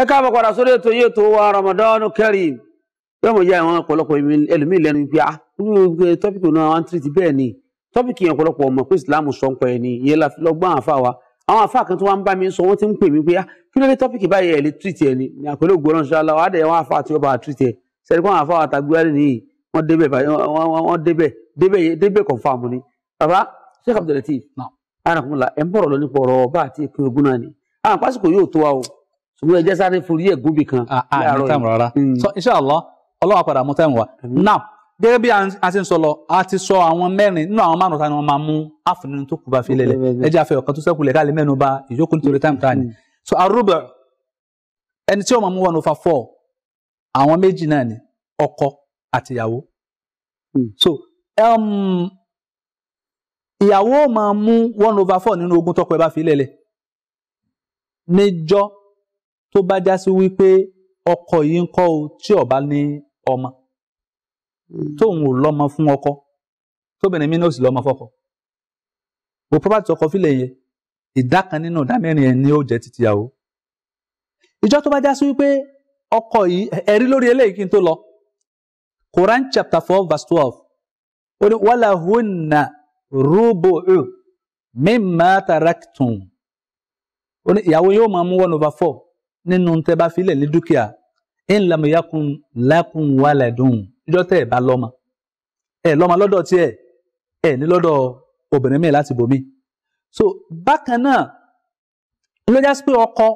ẹ káàbọ̀ padà sórí ètò yìí ètò wa Ramadan Kareem yóò mọ̀ yá àwọn ọ̀pọ̀lọpọ̀ ẹlòmíì lẹ́nu pé a nínú tọ́pìkì náà wọ́n tìrìtì bẹ́ẹ̀ ni tọ́pìkì yẹn ọ̀pọ̀lọpọ̀ ọmọ pé Islam sọ ń pẹ́ ni ìyẹn la àfa wa àwọn àfa kan tó wá ń bá mi sọ wọ́n ti ń pè mí pé ah, kí ló dé tọ́pìkì báyìí ẹ̀ lè tìrìtì ẹ̀ ni ní àpẹẹrẹ ògbó ránṣẹ́ aláwọ̀ á dẹ̀ wọ́n àfa àti ọba àtìrìtì ẹ̀ sẹ́ni kó àwọn àfa wa tàgbé wálé nìyí wọ́n débẹ̀ wọ́n débẹ̀ débẹ̀ débẹ̀ kọ̀ǹfàmù ni bàbá Sheikh Abdulateef ṣùgbọ́n ẹjẹ́ sáré forí ẹ̀ gómìn kan. àà ní táìmù rárá hmm. so inshallah ọlọ́wà padà mú táìmù wa now gẹ́gẹ́ bí a ti ń sọ lọ a ti sọ àwọn mẹ́rin nínú àwọn márùn-ún ta ni wọ́n máa mú áàfù nínú tó kù bá fi lélẹ̀ ẹjẹ́ afẹ́ ọ̀kan tó sẹ́kù lẹ̀ káàlẹ́ mẹ́nu ba ìjókòó nítorí táìmù ta ni hmm. so arúgbó ẹni tí ó máa mú one over four àwọn méjì náà ni ọkọ àtìyàwó hmm. so um, ìyàwó máa mú one over four nínú ogún tọ́kọ ẹ bá fi lélẹ̀ níjọ́ tó bá já sí wípé ọkọ yìí ń kọ́ o tí ọba ní ọmọ hmm. tóun ò lọ́mọ fún ọkọ tóbìnrin mi náà sì lọ́mọ fọ́kọ o property ọkọ fílẹ̀ yẹ ìdá kan nínú ìdá mẹ́rin ẹ̀ ni ó jẹ́ títí àwọ. ìjọ tó bá já sí wípé ọkọ yìí ẹ̀rí lórí eléyìí kí n tó lọ Quran chapter four verse twelve ó ní wàlà hùnà rúbùú mímà tàràkìtùn ó ní ìyàwó yóò máa mú one over four nínú tẹ́ bá filẹ̀ ní dúkìá ń lamọ yakun lakun waladun ìjọ tẹ́ ẹ bá lọ́mọ ẹ lọ́mọ lọ́dọ̀ tiẹ̀ ẹ ní lọ́dọ̀ obìnrin mi láti bòmí so bákan náà ló jásí pé ọkọ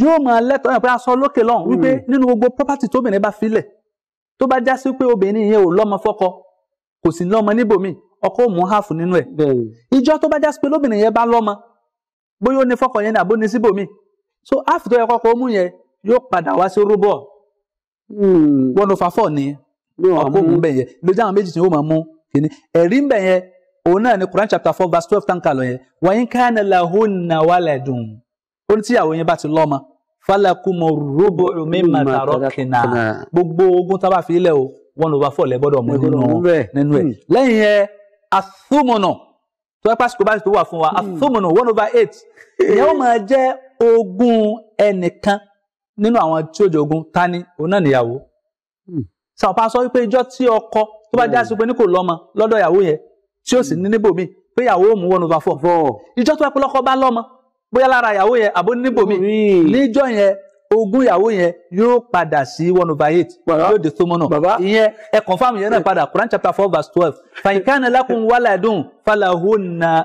yóò máa lẹ́tọ̀ọ́ yẹn pé aṣọ lókè lọ́hùn wípé hmm. nínú gbogbo property tóbìnrin bá filẹ̀ tó bá jásí pé obìnrin yẹn ò lọ́mọ fọ́kọ kò sì lọ́mọ níbòmí ọkọ ò mú half nínú ẹ̀ ìjọ tó bá jásí pé lóbìnrin yẹn bá lọ́mọ bóyá ó ní fọ́kọ yẹn ní àbó ní síbòmí so áàfù tó yẹ kọ́kọ́ mú yẹn yóò padà wá sí rúbọ̀ hmm. one over four ni ọkọ òun bẹ̀ yẹn lójú àwọn méjì tí yóò máa mú kíní ẹ̀rí ń bẹ̀ yẹn òun náà ni Quran chapter four verse twelve tanka lọ yẹn wọ́n yín káyọ̀ náà làhùn náà wà lẹ́dùn ó ní tíyàwó yẹn bá ti lọ́mọ falakumọ rúbọ̀ mi màtàrọ̀ kìnà gbogbo ogun tábà fi ilẹ̀ o one over four lẹ gbọ́dọ̀ mú nínú ẹ̀ hmm. lẹ́yìn yẹn asúmọ̀nà tó yẹ pásítọ̀ bá ti tó wà fún wa hmm. asúmọ̀nà one over eight ìyẹn ó máa jẹ́ ogún ẹnìkan nínú àwọn tí ó jogun tani òun náà nìyàwó sàpá hmm. sọ wípé ìjọ tí ọkọ tó bá jásí hmm. pé ní kò lọ́mọ lọ́dọ̀ ìyàwó yẹn tí ó sì hmm. ní níbòmí pé ìyàwó òun one over four ìjọ tó bá pé lọ́kọ bá lọ́mọ bóyá lára ìyàwó yẹn àbó níbòmí níjọ yẹn ogún ìyàwó yẹn yóò padà sí one over eight yóò di tó mọ́nà ìyẹn ẹ confam yẹn náà padà Quran chapter four verse twelve fàyínká ni lákùn wàlàdùn fàlàhùn náà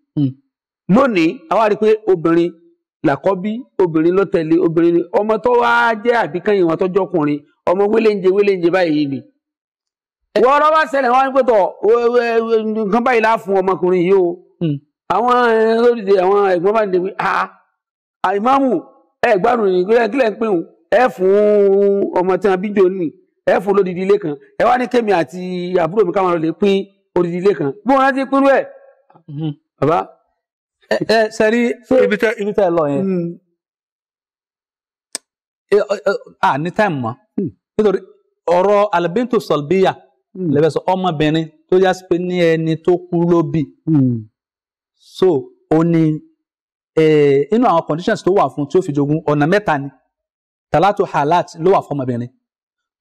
lónìí àwa rí i pé obìnrin làkọ́bí obìnrin ló tẹ̀lé obìnrin ni ọmọ tó wá jẹ́ àbíkẹ́yìn wọn tọ́jọ́ ọkùnrin ọmọ wéléǹje wéléǹje báyìí ni. wọ́n rọ́ bá ṣẹlẹ̀ wọ́n á ní pé tọ̀ e, e, e, nǹkan báyìí láà fún ọmọkùnrin yìí o hmm. àwọn olùdíje eh, àwọn ẹ̀gbọ́n bá ń dèbí a àìmáàmù ẹ̀ gbádùn ní kílẹ̀ ń pín ẹ̀ fún ọmọ tí wọn bí jò ní ẹ̀ fún olódìdí ilé kan ẹ̀ wá ní kémi àti àbúrò mi káwọn lè pín olódìdí ilé kan bí wọn ti pínrú ẹ̀ hmm. bàbá ẹ sẹ́rí ibi tẹ́ ibi tẹ́ lọ yẹn hmm. a ní táìmù mọ́ hmm. nítorí ọ̀rọ̀ alibintu sọ̀lbíyà hmm. lẹ́fẹ̀ẹ́ sọ ọmọbìnrin tó yá sí pé ní ẹni tó kú ló bì so ó ní inú àwọn conditions tó wà fún tí ó fi jogún ọ̀nà mẹ́ta ni talatu halat ló wà fún ọmọbìnrin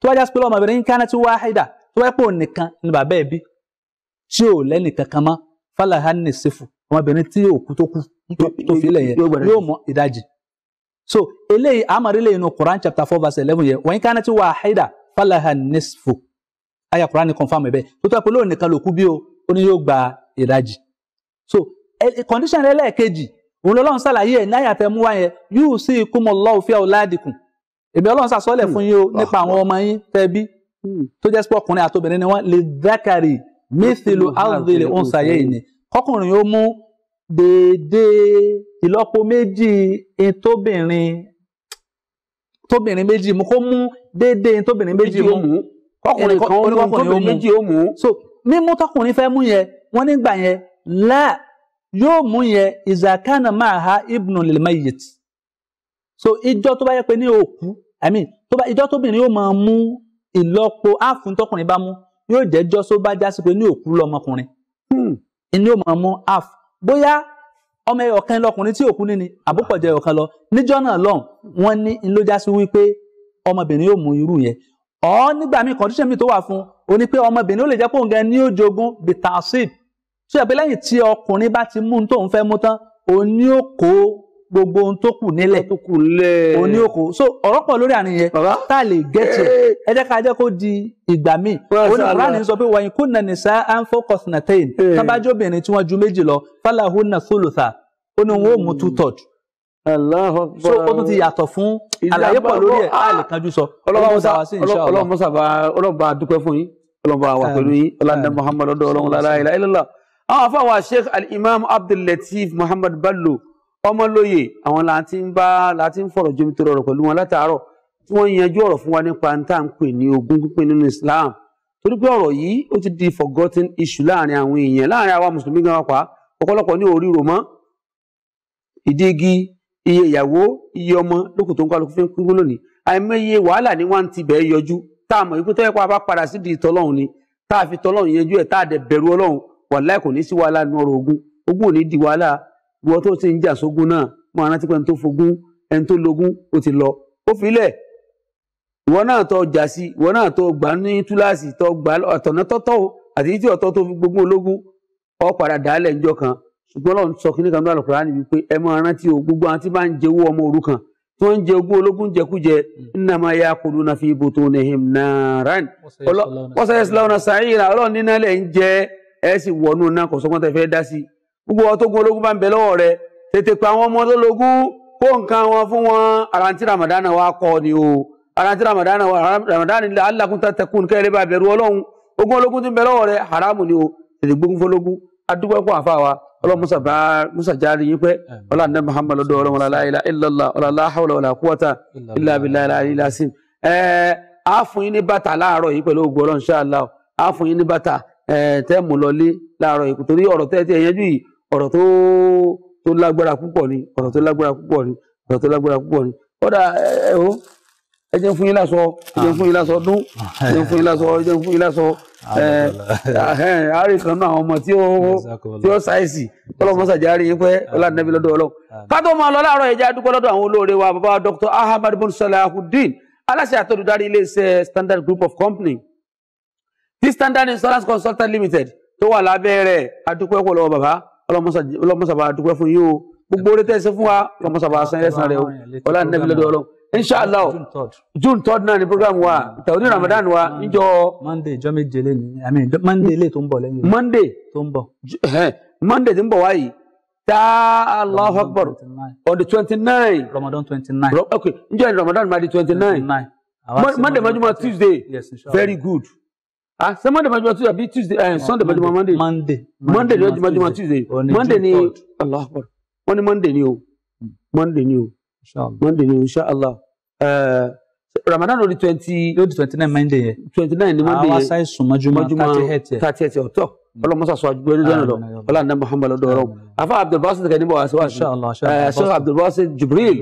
tó wájá sí pé ọmọbìnrin yín kánà tí wáhídà tó wáyé pé òun nìkan ni bàbá ẹ̀ bí tí ò lẹ́nì mọ́ falahan nisifu ọmọbìnrin tí òkú tó kú tó fi lẹ̀ yẹn yóò mọ ìdajì so eléyìí amari lè nu Quran chapter four verse eleven yẹn wa in kanat wahida falaha nisfu aya Quran ni confam ẹ bẹ́ẹ̀ tó tọ́ pé lóun nìkan ló kú bí o ó ní yóò gba ìdajì so condition ẹlẹ́ẹ̀kejì òun lọ́lọ́run ṣàlàyé ẹ̀ náyà tẹ mú wá yẹn yusikumullahu fi auladikum èmi ọlọ́run ṣàsọ́lẹ̀ fún yín o hmm. nípa àwọn ọmọ yín tẹ bí hmm. tó jẹ́ pé ọkùnrin àtobìnrin ni wọ́n lè dákàrí mithlu kọ́kùnrin ó mú déédéé ìlọ́po méjì tóbìnrin tóbìnrin méjì mú kó mú déédéé tóbìnrin méjì mú kọ́kùnrin kọ́kùnrin ó mú so mímú tọ́kùnrin fẹ́ mú yẹn wọ́n nígbà yẹn la yóò mú yẹn ìzàkánà máa ha ibnu lilmayit so ìjọ tó bá yẹ pé ní òkú i mean tó bá ìjọ tóbìnrin yóò máa mú ìlọ́po áàfin tọkùnrin bá mú yóò jẹ́ jọ́ só bá jásí pé ní òkú lọmọkùnrin ni ó máa mú half bóyá ọmọ ẹyọ kan lọkùnrin tí òkú níní àbúpọ̀ jẹ ẹyọ kan lọ níjọ́ náà lọ́hùn wọ́n ní ló já sí wípé ọmọbìnrin yóò mú irú yẹn ọ nígbà míì condition mi tó wà fún o ní pé ọmọbìnrin ó lè jẹ́ pé òun gan ni yóò jogún bitasip tó yẹ lẹ́yìn tí ọkùnrin bá ti mú un tóun fẹ́ mú tán òun ni ó kó gbogbo ohun tó kù nílẹ̀ òní òkò so ọ̀rọ̀ pọ̀ lórí àníyẹn tá a lè gẹ́tì ẹ jẹ́ ká jẹ́ kó di ìgbà míì òní Kùránì sọ pé wàyí kú nà nìṣá à ń fọkọ̀sì nà tẹ́yìn tábàjọ́bìnrin tí wọ́n ju méjì lọ fàlàhù nà sólùsà ó ní wọn ò mú two third so o tún ti yàtọ̀ fún àlàyé pọ̀ lórí ẹ̀ á lè kanjú sọ ah. ọlọ́run musa bá ọlọ́run bá dúpẹ́ fún yín ọlọ́run bá wà pẹ̀lú yín ọlọ́dẹ muhammadu ọlọ́run la ilaha illallah àwọn afáwà sheikh al-imam abdul latif muhammad bello ọmọlóye àwọn la ti ń bá la ti ń fọ̀rọ̀ jomi tó rọrọ̀ pẹ̀lú wọn látàárọ̀ tí wọ́n yanjú ọ̀rọ̀ fún wa nípa n tá ní ogún pínpín nínú Islam torí pé ọ̀rọ̀ yìí ó ti di forgotten issue láàrin àwọn èèyàn láàrin àwa mùsùlùmí gan pa ọ̀pọ̀lọpọ̀ ní orí rò mọ́ ìdígi iye ìyàwó iye ọmọ lókùn tó ń kálukú fi ń pín lónìí àìmọye wàhálà ni wọ́n ti bẹ̀ẹ́ yọjú tá a mọ̀ wípé tó yẹ a bá padà sí di ìtọ́lọ́hún ni tá a fi tọ́lọ́hún yanjú ẹ̀ tá a dẹ̀ bẹ̀rù ọlọ́hún wàláì kò ní sí wàhálà nínú ọ̀rọ̀ ogún ogún ò ní di wàhálà wọ́n tó ti ń jà sógun náà mọ arántí pé ẹni tó fogún ẹni tó logún ó ti lọ ó filẹ̀ ìwọ náà tó jà sí ìwọ náà tó gbà ní túláàsì tó gbà ọ̀tọ̀nà tọ́tọ́ o àti tí ọ̀tọ́ tó fi gbogbo ológun ọ padà dálẹ̀ níjọ́ kan ṣùgbọ́n lọ́n sọ kí nìkan lọ́rọ̀ kúránì wípé ẹ mọ arántí o gbogbo àwọn tí bá ń jẹ owó ọmọ òrukàn tí wọ́n ń jẹ ogún ológun jẹkújẹ innama yakuluna fi butunihim naran wọ́n sọ yẹ sílẹ̀ ọ̀nà sàáyìn ọlọ́run nínú ẹ̀ ń jẹ ẹ̀ sì wọnú náà kò sọ́kàn tẹ dá sí gbogbo ọtógun ológun bá ń bẹ lọ́wọ́ rẹ tètè pa àwọn ọmọ lólogún kó nǹkan wọn fún wọn àrántí Ramadan wa kọ ni o àrántí Ramadan wa Ramadan ni alákùn tàtẹkùn kẹrẹ bá bẹ̀rù Ọlọ́run ogun ológun ti ń bẹ lọ́wọ́ rẹ haramu ni o tètè gbógun fọlógún adúgbò ẹkọ àfa wa Ọlọ́run musa bá musa jaari yín pẹ ọlọ àná Muhammad lọ́dọ̀ Ọlọ́run wàlá ilà ilàlá ọlọlá hawlá wàlá kúwàtà ilà abilà ilà ilà sí ẹ á yín ní bàtà láàárọ̀ yìí pẹ̀lú ògbó Ọlọ́run ṣáàlá á yín ní bàtà ẹ tẹ mú lọlé láàárọ̀ yìí torí ọ̀rọ̀ tẹ ẹ ti ẹ yanjú yìí ọ̀rọ̀ tó tó lágbára púpọ̀ ni ọ̀rọ̀ tó lágbára púpọ̀ ni ọ̀rọ̀ tó lágbára púpọ̀ ni kódà ẹ o ẹ jẹ́ fún yín lásọ ẹ jẹ́ fún yín lásọ ọdún ẹ jẹ́ fún yín lásọ ẹ jẹ́ fún yín lásọ àárẹ̀ kan náà àwọn ọmọ tí ó tí ó ṣàìsì tọ́lọ́mọ sàjárí yín pẹ́ ọlànàbí lọ́dọ̀ ọlọ́run ká tó máa lọ láàárọ̀ ẹ̀jẹ̀ adúgbò lọ́dọ̀ àwọn olóore wa bàbá Dr. Ahmad bin Salahuddin aláṣẹ àtọ́dúdarí iléeṣẹ́ Standard Group of Company ti Standard Insurance Consultant Limited tó wà lábẹ́ rẹ̀ adúpẹ́ pọ̀ lọ́wọ́ bàbá ọlọ́mọsàbà dúpẹ́ fún yín o gbogbo orí tẹ́sí fún wa ọlọ́mọsàbà san ẹ̀sán rẹ̀ o ọlá nẹ́bí lọ́dọ̀ ọlọ́run inshallah june third náà program wa tàwọn ní ramadan wa níjọ. monday ìjọ méje lé monday lè monday tó monday tí ń bọ̀ wáyìí taa akbar on the twenty nine. ramadan twenty nine. okay njẹ́ ramadan ma twenty nine. monday majumọ tuesday very good ah ṣé monday mọ́júmọ́ tuesday àbí tuesday eh, sunday Monday. monday monday monday ni mọ́júmọ́ tuesday monday ni allah akbar Monday ní monday ni o monday ni o monday ni o inshallah ramadan lórí twenty lórí twenty nine monday yẹn twenty nine ni monday yẹn àwọn aṣáìsùn mọ́júmọ́ thirty eight yẹn thirty eight ọ̀tọ̀ ọlọmọsàsọ àjùgbé ní jẹnudọ ọlànà muhammadu dọrọ afa abdulbasit kẹni bọ wàásù wàásù ṣe abdulbasit jibril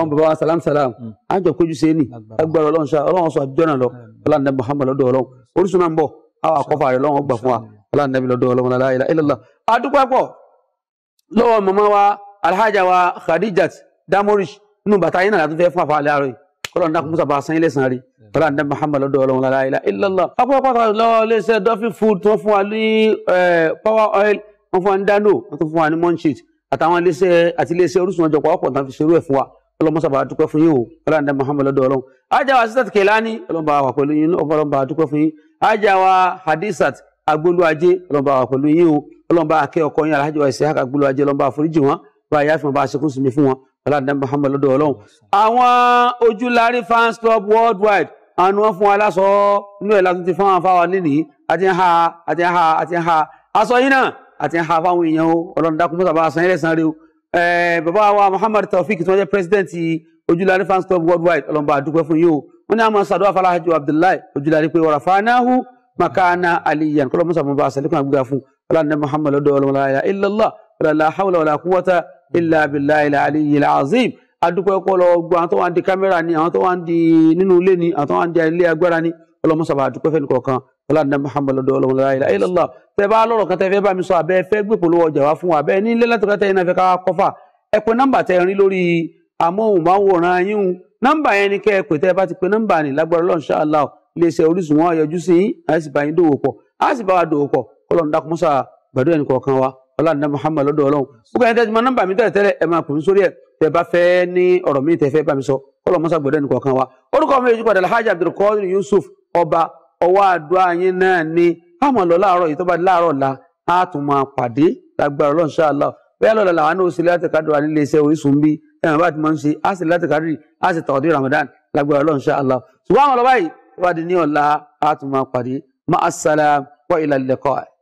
ọmọ baba wa salam salam I don't àjọ kojú sẹni agbára ọlọ́run ṣá ọlọ́run sọ àjùgbé don't know ọlá nàbí muhammad lọ́dọ̀ ọlọ́run orísun náà ń bọ̀ àwọn àkọ́fà rẹ̀ lọ́wọ́ gbà fún wa la ilaha illallah adúpápọ̀ lọ́wọ́ màmá wa alhaja wa khadijat damorish inú bàtà yín náà látún fẹ́ fún àfa alẹ́ àárọ̀ yìí kọ́lọ́ náà musa bá sanyílẹ̀ sàn rí ọlá nàbí muhammad lọ́dọ̀ ọlọ́run la ilaha illallah apapata lọ́wọ́ iléeṣẹ́ dolphin food tó fún wa ní power oil wọ́n fún wa ní dano wọ́n tún fún wa ní munchit àtàwọn iléeṣẹ́ àti iléeṣẹ́ orísun ọjọ́ pọ̀ ọlọmọsàbà dúpẹ́ fún yín o ọlọ́dẹ muhammed lọ́dọ̀ ọlọ́run ajáwa sísàt kẹlání ọlọ́mọba wà pẹ̀lú yín ọlọ́mọba dúpẹ́ fún yín ajáwa hadisat agbólúajé ọlọ́mọba wà pẹ̀lú yín o ọlọ́mọba akẹ́ ọkọ yín alhaji wa isaac agbólúajé ọlọ́mọba àforíjì wọn bá yá fún wọn bá aṣekún sinmi fún wọn ọlọ́dẹ muhammed lọ́dọ̀ ọlọ́run. àwọn ojúlárí fans club worldwide àwọn wọn fún wa lásọ inú ẹ̀ látún ti fún wọn fáwọn níní àti ń ha àti ń ha àti ń ha aṣọ yín náà àti ń ha fáwọn èèyàn o ọlọ́run dákun mọ́tàbá aṣọ yín lẹ́sàn-án rẹ o bàbá wa Muhammad Taofik tí wọ́n jẹ́ president Ojúlarí fans club worldwide ọlọ́mọba àdúpẹ́ fún yìí o wọ́n ní àwọn sàdúrà Falahaju Abdullahi Ojúlarí pé wàrà fanáhu makana aliyan kọ́lọ́ musa mọba asàlẹ́kùn àgbéga fún ọlọ́dún Muhammad lọ́dọ̀ ọlọ́mọláyà illallah wàlá hawla wàlá kúwọ́tà illa billahi aliyyil azim àdúpẹ́ kọ́lọ́ gbọ́ àwọn tó wà ń di kámẹ́rà ni àwọn tó wà ń di nínú ilé ni àwọn tó wà ń di ilé agbára ni ọlọ́mọsàbà àdúpẹ́ fẹ́ni kọ̀ọ̀kan ọlọ́dún muhammadu dọ́ọ̀lọ́ ọ̀la ilà ilàlá tẹ bá lọ́rọ̀ kan tẹ fẹ́ bá mi sọ abẹ́ fẹ́ gbé polówó ọjà wá fún wa abẹ́ ní ilé látọ̀ kẹtẹ́ yìí náà fẹ́ ká kọ́fà ẹ pé nọ́mbà tẹ rí lórí amóhùnmáwòrán yín nọ́mbà yẹn ni kẹ́ ẹ pè tẹ́ bá ti pè nọ́mbà ní lágbára lọ́n ṣáàlá ọ iléeṣẹ́ Orísun wọn yọjú sí yín á sì bá yín dòwò pọ̀ á sì bá wa dòwò pọ̀ kọ́lọ́n dákun mọ́sà gbàdúrà ẹnì kọ̀ọ̀kan wa ọba ọwọ́ àdúrà yín náà ni a máa lọ láàárọ̀ yìí tó bá di láàárọ̀ la a tún máa pàdé lágbára ọlọ́run ṣáàlá bẹ́ẹ̀ lọ́la làwọn náà sì láti kádùrà nílé iṣẹ́ Orísun bí ẹ̀rọ bá ti máa ń ṣe a sì láti kádùrì a sì tàwọn Ramadan lágbára ọlọ́run ṣáàlá ṣùgbọ́n àwọn ọlọ́ba yìí tó bá di ní ọ̀la a tún máa pàdé ma as-salam wa ila